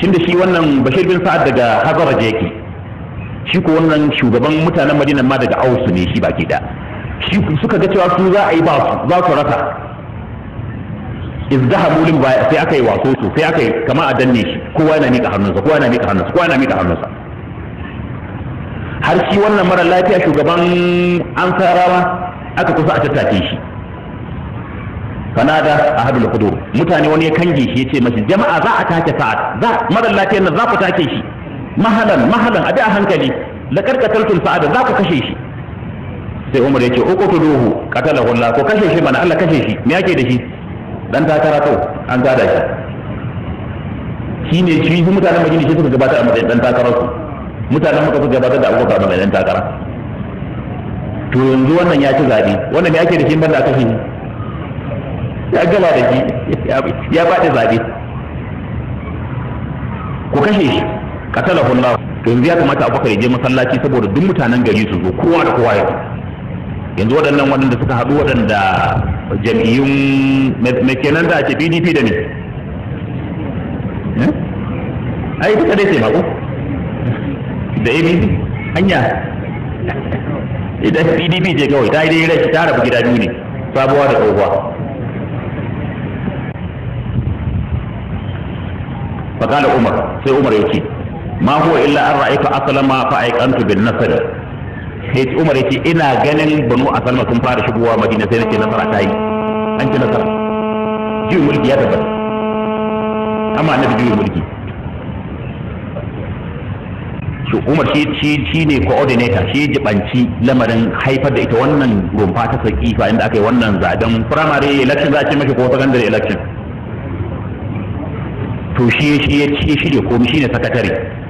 shin da shi wannan bashir bin sa'ad daga hazara yake shi ko wannan shugaban mutanen madina ma daga ausu ne shi baki da shi suka ga cewa su za a yi ba su za su rasa izdahabu lil baya sai aka yi waso su sai aka yi kama a danne shi kowa yana mika hannunsa kowa yana mika hannunsa kowa yana mika hannunsa har shi wannan mara lafiya shugaban ansarawa aka kusa a tattake shi a ahadul kudu mutane wani ya kange shi yace mashi jama'a za a take sa'ad za mara lafiyar nan za ku take shi mahalan mahalan a a hankali la karkataltul sa'ad za ku kashe shi sai Umar yace duhu katala hulla ko kashe shi mana Allah kashe shi me yake da shi dan takara to an gada shi ne shi mutanen Madina shi suka gabatar a matsayin dan takarar su mutanen Makka suka gabatar da Abubakar a matsayin dan takara to yanzu wannan ya ci zaɓi wannan me yake da shi banda kashe shi ya gala da shi ya baɗi zaɓe ku kashe shi katala hullahu to yanzu ya kamata abubakar ya je masallaci saboda duk mutanen gari su zo kowa da kowa ya yanzu waɗannan waɗanda suka haɗu waɗanda jam'iyyun mai kenan da ake pdp da ne eh? ai duka dai sai mako da abc hanya idan pdp je kawai ta yi dai rai ta rabu gida biyu ne sabuwa da tsohuwa فقال عمر سي عمر يتي ما هو إلا أن رأيت أسلم فأيقنت بالنصر هيت عمر يتي إنا غنن fara أسلم كن sai شبوا مدينة سينة نصر تاي أنت نصر جيو ملكي يا تبت أما أنا جيو ملكي shi umar shi shi shi ne coordinator shi jibanci lamarin haifar da ita wannan rumfa ta sakifa inda aka yi wannan zaben primary election za a ce mashi ko secondary election to shi shi ya shirya komai shine sakatare